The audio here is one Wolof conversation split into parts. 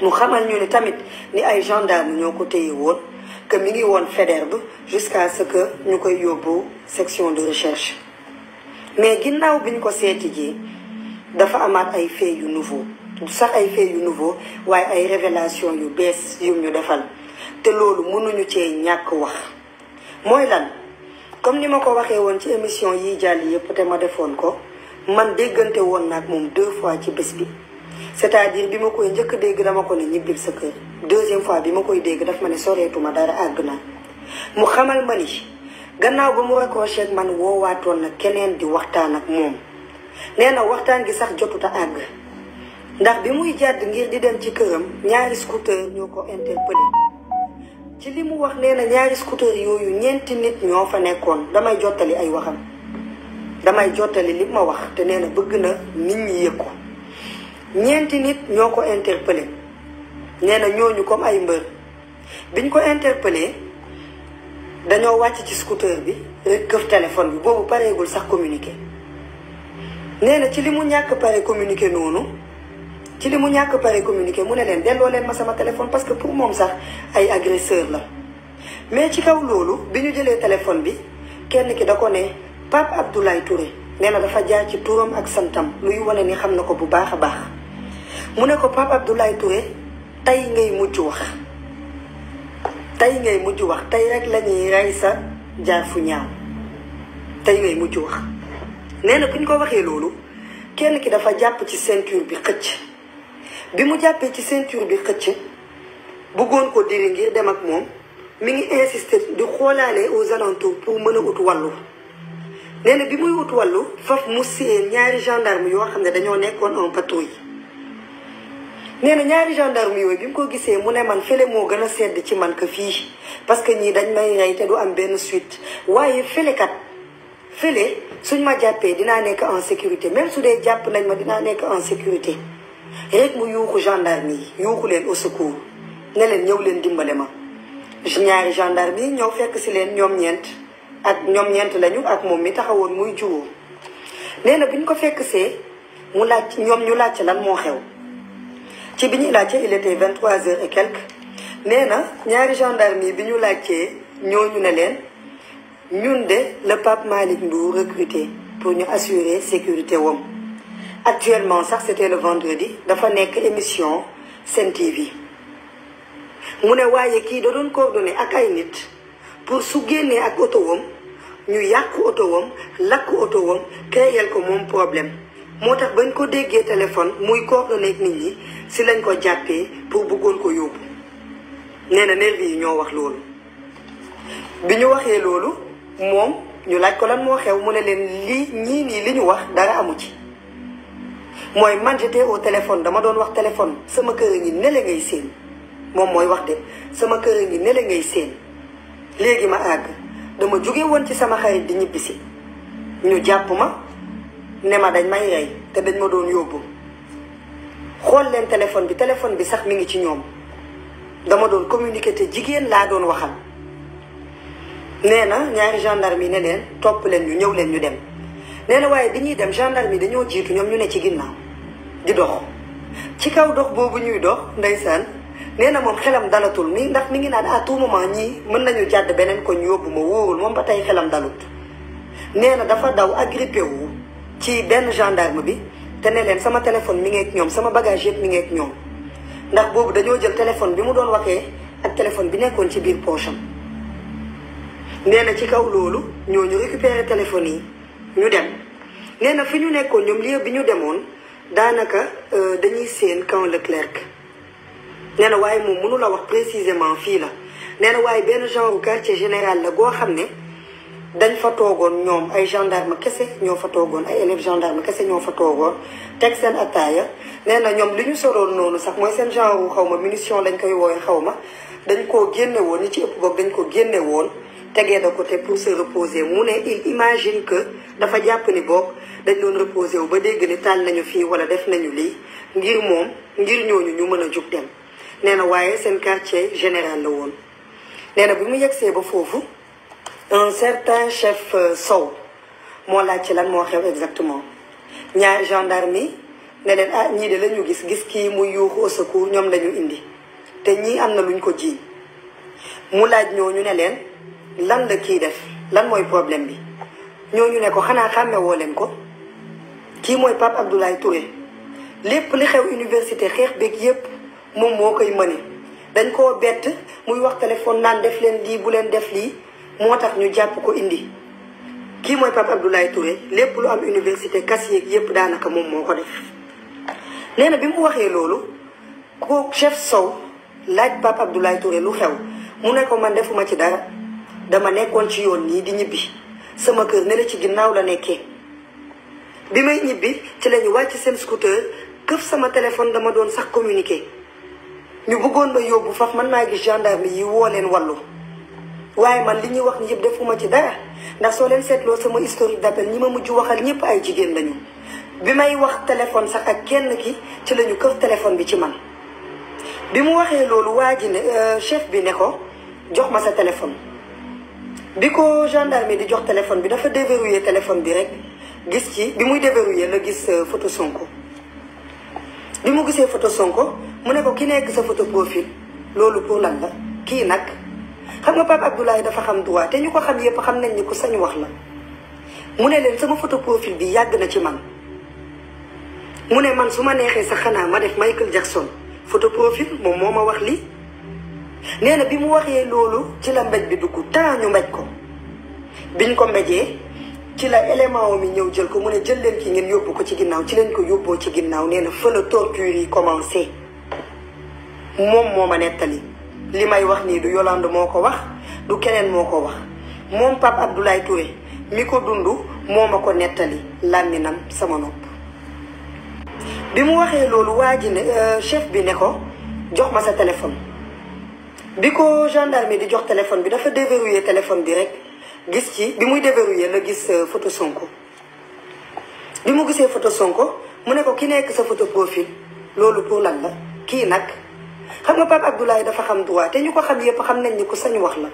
Nou khamal nyo le tamit ni ay janda mwen yon kote yon wot ke mwen yon federdou jiska se ke nyon kwe yon bou seksyon de recherche. Men gina ou bin kwa se eti di, dafa amat ay fe yon nouvo. Dousa ay fe yon nouvo, woy ay revelasyon yon bes yon mwen yon defal. Te lolo mounou nyo te nyak wak. Mwen lan, kom ni mwen kwa wak yon ti emisyon yi djaliye pote mwen defon ko, man degante won nak mwen mwen de fwa ti bes bi. c'est-à-dire bi ma koy njëkk dégg dama ko ne ñibbil sa kër deuxième fois bi ma koy dégg daf ma ne soreetuma dara àgg na mu xamal ma ni gannaaw ba mu raccroché ak man woowaatoon na keneen di waxtaan ak moom nee na waxtaan gi sax jotuta àgg ndax bi muy jàdd ngir di dem ci këram ñaari scooter ñoo ko interpellé ci li mu wax nee na ñaari scooter yooyu ñeenti nit ñoo fa nekkoon damay jottali ay waxam damay jottali li ma wax te nee bëgg na nit ñi yëg ko ñeenti nit ñoo ko interpellé nee na ñooñu comme ay mbër biñ ko interpellé dañoo wàcc ci scooter bi rek këf téléphone bi boobu pareegul sax communiqué nee na ci li mu ñàkk pare communiqué noonu ci li mu ñàkk pare communiqué mu ne leen delloo leen ma sama téléphone parce que pour moom sax ay agresseur la mais ci kaw loolu bi ñu jëlee téléphone bi kenn ki da ko ne Pape Abdoulaye Touré nee na dafa jaar ci turam ak santam luy wane ni xam na ko bu baax a baax mu ne ko Pape Abdoulaye Touré tey ngay mujj wax tey ngay mujj wax tey rek la ñuy rey sa jaar fu ñaaw tey ngay mujj wax nee na bu ñu ko waxee loolu kenn ki dafa jàpp ci ceinture bi xëcc bi mu jàppee ci ceinture bi xëcc bëggoon ko diri ngir dem ak moom mi ngi insister di xoolaale aux alentours pour mën a ut wàllu nee na bi muy wut wàllu faf mu séen ñaari gendarme yoo xam ne dañoo nekkoon en yi nee na ñaari gendarme yooyu bi mu ko gisee mu ne man fële moo gën a sedd ci man que fii parce que ñii dañ may rey te du am benn suite waaye fële kat fële suñ ma jàppee dinaa nekk en sécurité même su dee jàpp nañ ma dinaa nekk en sécurité rek mu yuuxu gendarme yi yuuxu leen au secours ne leen ñëw leen dimbale ma. ñaari gendarme yi ñëw fekk si leen ñoom ñeent ak ñoom ñeent lañu ak moom mi taxawoon muy juwoo nee na buñ ko fekk see mu laaj ñoom ñu laaj lan moo ci bi il était 23 heures et quelques nee na ñaari gendarme yi bi ñooñu ne ñun de le pape Malick Ndour recruté pour nous assurer sécurité wam actuellement ça c'était le vendredi dafa nekk émission Sen TV mu ne waaye kii da doon coordonné ak ay nit pour su à ak oto wam ñu yàq oto wam wam ko problème moo tax bañ ko déggee téléphone muy coordonné ak nit ñi si lañ ko jàppee pour bëggoon ko yóbbu nee na nervi yi ñoo wax loolu bi ñu waxee loolu moom ñu laaj ko lan moo xew mu ne leen lii ñii nii li ñu wax dara amu ci mooy man j'étais au téléphone dama doon wax téléphone sama kër a ngi nele ngay séen moom mooy wax de sama kër a ngi nele ngay séen léegi ma àgg dama jóge woon ci sama xarit di ñibbisi ñu jàpp ma ne ma dañ may rey te dañ ma doon yóbbu xool leen téléphone bi téléphone bi sax mi ngi ci ñoom dama doon communiquer te jigéen laa doon waxal nee na ñaari gendarme yi ne leen topp leen ñu ñëw leen ñu dem nee na waaye di ñuy dem gendarme yi dañoo jiitu ñoom ñu ne ci ginnaaw di dox ci kaw dox boobu ñuy dox ndeysaan nee na moom xelam dalatul ni ndax mi ngi naan à tout moment ñii mën nañu jàdd beneen ko ñu yóbbu ma wóorul moom ba tey xelam dalut nee na dafa daw agrippé wu ci ben gendarme bi te ne leen sama téléphone mi ngi ak ñom sama bagage yëpp mi ngi ak ñom ndax bobu dañu jël téléphone bi mu doon waxee ak téléphone bi nekkoon ci biir poche néna ci kaw loolu ñooñu récupérer téléphone yi ñu dem néna na fi ñu nekkoon ñom lieu bi ñu demoon daanaka euh, dañuy seen quand le nee néna waaye moom mënu la wax précisément fi la néna na ben benn genre quartier général la go xamné dañ fa toogoon ñoom ay gendarme kese ñoo fa toogoon ay élèves gendarme kese fa toogoon teg seen attaaya nee na ñoom li ñu soroon noonu sax mooy seen genre xaw ma munition lañ koy woowe xaw ma dañ koo génne woon ñi ci ëpp boog dañ ko génne woon tegee de côté pour se reposer mu ne il imagine que dafa jàpp ni boog dañ doon reposer wu ba dégg ni taal nañu fii wala def nañu lii ngir moom ngir ñooñu ñu mën a jug dem nee na waaye seen quartier général la woon nee na bi mu yegsee ba foofu un certain chef euh, Sow moi laaj ci lan exactement gendarme ah, de gis gis au secours indi te am na luñ ko jiiñ mu laaj ñooñu ne lan Ils kii def lan moy problème bi ne ko ko Abdoulaye Touré lépp li xew université yépp koy dañ téléphone def moo tax ñu jàpp ko indi kii mooy Pape Abdoulaye Touré lépp lu am université kas yeeg yépp daanaka moom moo ko def nee na bi mu waxee loolu ko chef sow laaj Pape Abdoulaye Touré lu xew mu nekk ko man defuma ci dara dama nekkoon ci yoon nii di ñibbi sama kër ne la ci ginnaaw la nekkee bi may ñibbi ci la ñu wàcc seen scooter këf sama téléphone dama doon sax communiqué ñu bëggoon ba yóbbu fax man maa gis gendarme yi woo leen wallu waaye man li ñuy wax ni defuma ci dara ndax soo leen seetloo sama historique d'appel ñi ma mujj waxal ñëpp ay jigéen lañu bi may wax téléphone sax ak kenn ki ci lañu këf téléphone bi ci man bi mu waxee loolu waa ji ne euh, chef bi ne ko jox ma sa téléphone bi ko gendarme di jox téléphone bi dafa déverrouillé téléphone bi rek gis ci bi muy déverrouillé la gis euh, photo Sonko bi mu gisee photo Sonko mu ne ko ki nekk sa photo profil loolu pour lan la kii nag xam nga Pape Abdoulaye dafa xam droit te ñu ko xam yëpp xam nañ ni ko sañ wax la mu ne leen sama photo profil bi yàgg na ci man mu ne man su ma neexee sax xanaa ma def Michael Jackson photo profil moom moo ma wax lii nee na bi mu waxee loolu ci la mbéj bi dugg temps ñu mbéj ko biñ ko mbéjee ci la élément mi ñëw jël ko mu ne jël leen ki ngeen yóbbu ko ci ginnaaw ci leen ko yóbboo ci ginnaaw nee na fa la torture yi commencé moom moo ma nettali li may wax nii du Yolande moo ko wax du keneen moo ko wax moom Pape Abdoulaye Touré mi ko dund moo ma ko nettali làmminam sama nopp bi mu waxee loolu waa ji ne euh, chef bi ne ko jox ma sa téléphone bi ko gendarme di jox téléphone bi dafa déverrouiller téléphone bi rek gis ci bi muy déverrouiller la gis euh, photo Sonko bi mu gisee photo Sonko mu ne ko ki nekk sa photo loolu pour lan la kii nag xam nga Pape Abdoulaye dafa xam droit te ñu ko xam yëpp xam nañ ni ko sañ wax la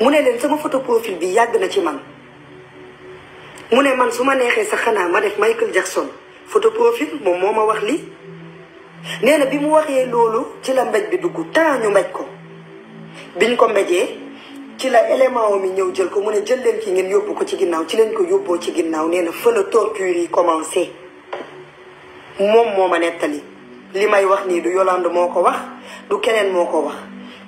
mu ne leen sama photo profil bi yàgg na ci man mu ne man su ma neexee sa xanaa ma def Michael Jackson photo profil moom moo ma wax li nee bi mu waxee loolu ci la mbéj bi dugg taa ñu mbéj ko biñ ko mbéjee ci la élément mi ñëw jël ko mu ne jël leen ki ngeen yóbbu ko ci ginnaaw ci leen ko yóbboo ci ginnaaw nee na fa la torture yi commencé moom moo ma nettali li may wax nii du Yolande moo ko wax du keneen moo ko wax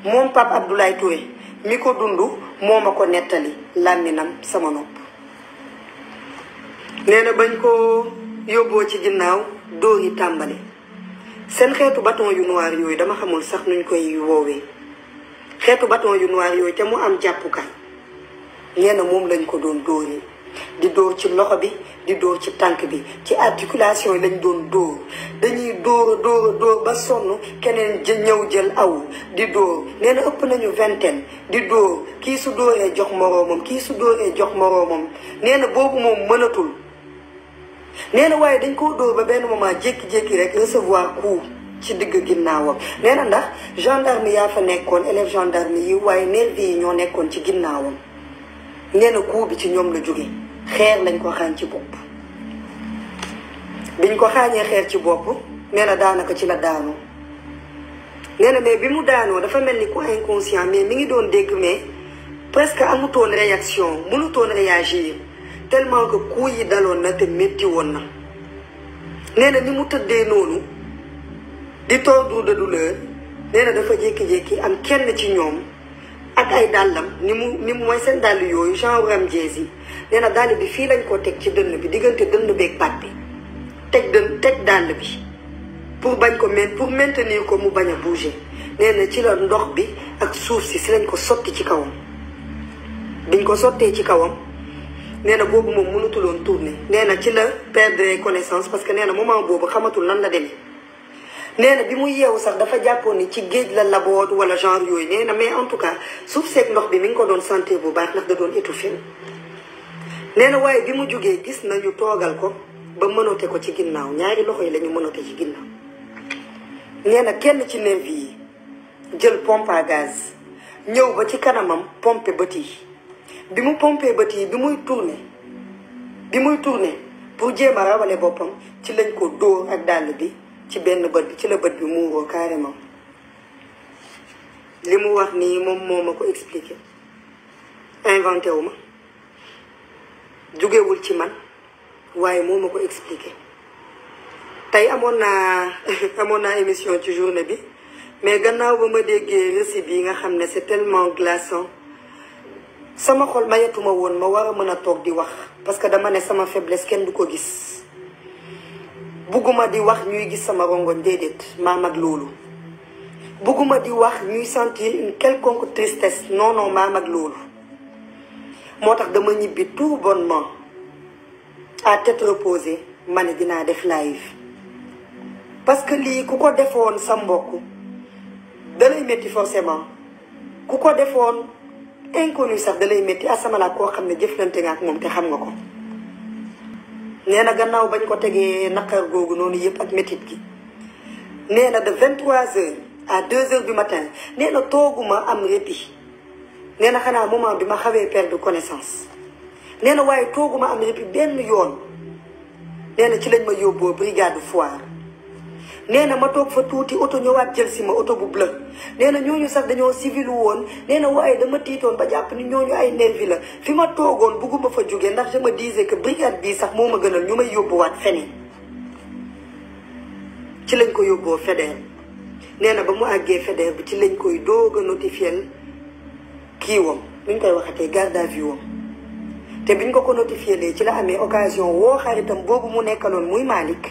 moom Pape Abdoulaye Touré mi ko dund moom ma ko nettali làmminam sama nopp nee na bañ ko yóbboo ci ginnaaw dóor yi tàmbali seen xeetu baton yu noir yooyu dama xamul sax nuñ koy woowee xeetu baton yu noir yooyu te mu am jàppukaay nee na moom lañ ko doon dóoree di dóor ci loxo bi di dóor ci tànk bi ci articulation yi lañ doon dóor dañuy dóor dóor dóor ba sonn keneen jë ñëw jël aw di dóor neena ëpp nañu vingtaine di dóor kii su dóoree jox moroomam kii su dóoree jox moroomam nee na boobu moom mënatul nee na waaye dañ koo dóor ba benn moment jékki-jékki rek recevoir coup ci digg ginnaawam nee ndax gendarme yaa fa nekkoon élève gendarme yi waaye nervi yi ñoo nekkoon ci ginnaawam nee na bi ci ñom la jóge xéer lañ ko xañ ci bop biñ ko xañé xéer ci bop nee na daanaka ci la daanu nee na mais bi mu daanoo dafa melni ni inconscient mais mi ngi doon dégg mais presque amutoon réaction mënutoon réagir tellement que coup yi daloon na te métti woon na nee ni mu tëddee nonu di tordre de douleur nee dafa jéki jéki am kenn ci ñom ak ay dàllam ni mu ni mu mooy seen dàll yooyu genre ram jees yi nee dàll bi fii lañ ko teg ci dënn bi diggante dënn beeg baat bi teg dënn teg dàll bi pour bañ ko men pour maintenir ko mu bañ a bouger nee na ci la ndox bi ak suuf si si lañ ko sotti ci kawam biñ ko sottee ci kawam nee na boobu moom mënutuloon tourner nee na ci la perdre connaissance parce que nee na moment boobu xamatul lan la demee nee na bi muy yeewu sax dafa jàppoon ni ci géej la laboot wala genre yooyu nee na mais en tout cas suuf seeg ndox bi mi ngi ko doon santé bu baax ndax da doon étouffé nee na waaye bi mu jógee gis na ñu toogal ko ba mënote ko ci ginnaaw ñaari loxo yi la ñu mënote ci ginnaaw nee na kenn ci nervi yi jël pompe gaz ñëw ba ci kanamam pompe bët yi bi mu pompe bët yi bi muy tourné bi muy turne pour jéem a rawale boppam ci lañ ko dóor ak dàll bi ci benn bët bi ci la bët bi muuroo carrément li mu wax nii moom moo ma ko expliqué inventé wu ma jugewul ci man waaye moo ma ko expliqué tey amoon naa amoon naa émission ci journée bi mais gannaaw ba ma déggee récit bi nga xam ne c'est tellement glaçant sama xol mayatuma woon ma war a mën a toog di wax parce que dama ne sama faiblesse kenn du ko gis buguma di wax ñuy gis sama rongoñ déedéet ma mag lolu vous, di wax ñuy une quelconque tristesse non non ma mag suis motax dama ñibbi tout bonnement à tête reposée mané dina def live parce que li kuko ko sa mbokk forcément kuko je inconnu sax lay metti ah, nee na gannaaw bañ ko tegee naqar googu noonu yëpp ak métit gi nee na de 23h à 2h du matin nee na tooguma am répit nee na xanaa moment bi ma xawee perdre connaissance nee na waaye tooguma am répit benn yoon nee ci lañ ma yóbboo brigade foire nee na ma toog fa tuuti oto ñëwaat jël si ma oto bu la nee na ñu sax dañoo civil woon nee na waaye dama tiitoon ba jàpp ni ñooñu ay nervi la fi ma toogoon bugguma fa jóge ndax je me disais que brigade bii sax moo ma gënal ñu may yóbbuwaat feneen ci lañ ko yóbboo fédère nee na ba mu àggee fédère bi ci lañ koy doog a notifier kii wam luñ koy waxatee garde à vue wam te biñ ko ko notifié ci la amee occasion woo xaritam boobu mu nekkaloon muy Malick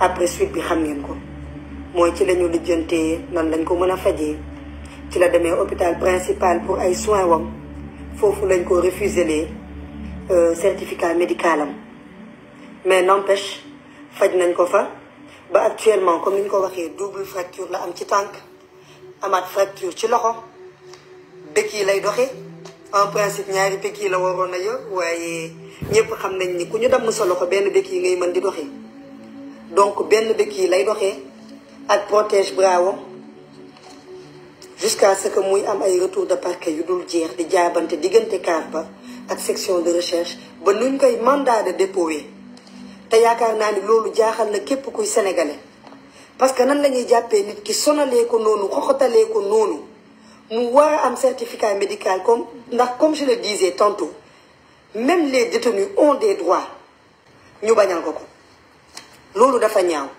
après suite bi xam ngeen ko mooy ci lañu lijjantee nan lañ ko mën a fajee ci la demee hôpital principal pour ay soins wam foofu lañ ko refuselee euh, certificat médical am mais n'empêche faj nañ ko fa ba actuellement comme niñ ko waxee double fracture la am ci tànk amaat fracture ci loxo bëkk yi lay doxee en principe ñaari bëkk yi la waroon a yor waaye ñëpp xam nañ ni ku ñu dam sa loxo benn bëkk yi ngay mën di doxee donc bien qui lay ak protège bravo jusqu'à ce que moi am ay retour de parquet section de recherche nous nuñ un mandat de dépôt te y a lolu parce que nan gens qui nit ki ko nous, nous ko certificat médical comme comme je le disais tantôt même les détenus ont des droits ñu bañal loolu dafa ñaaw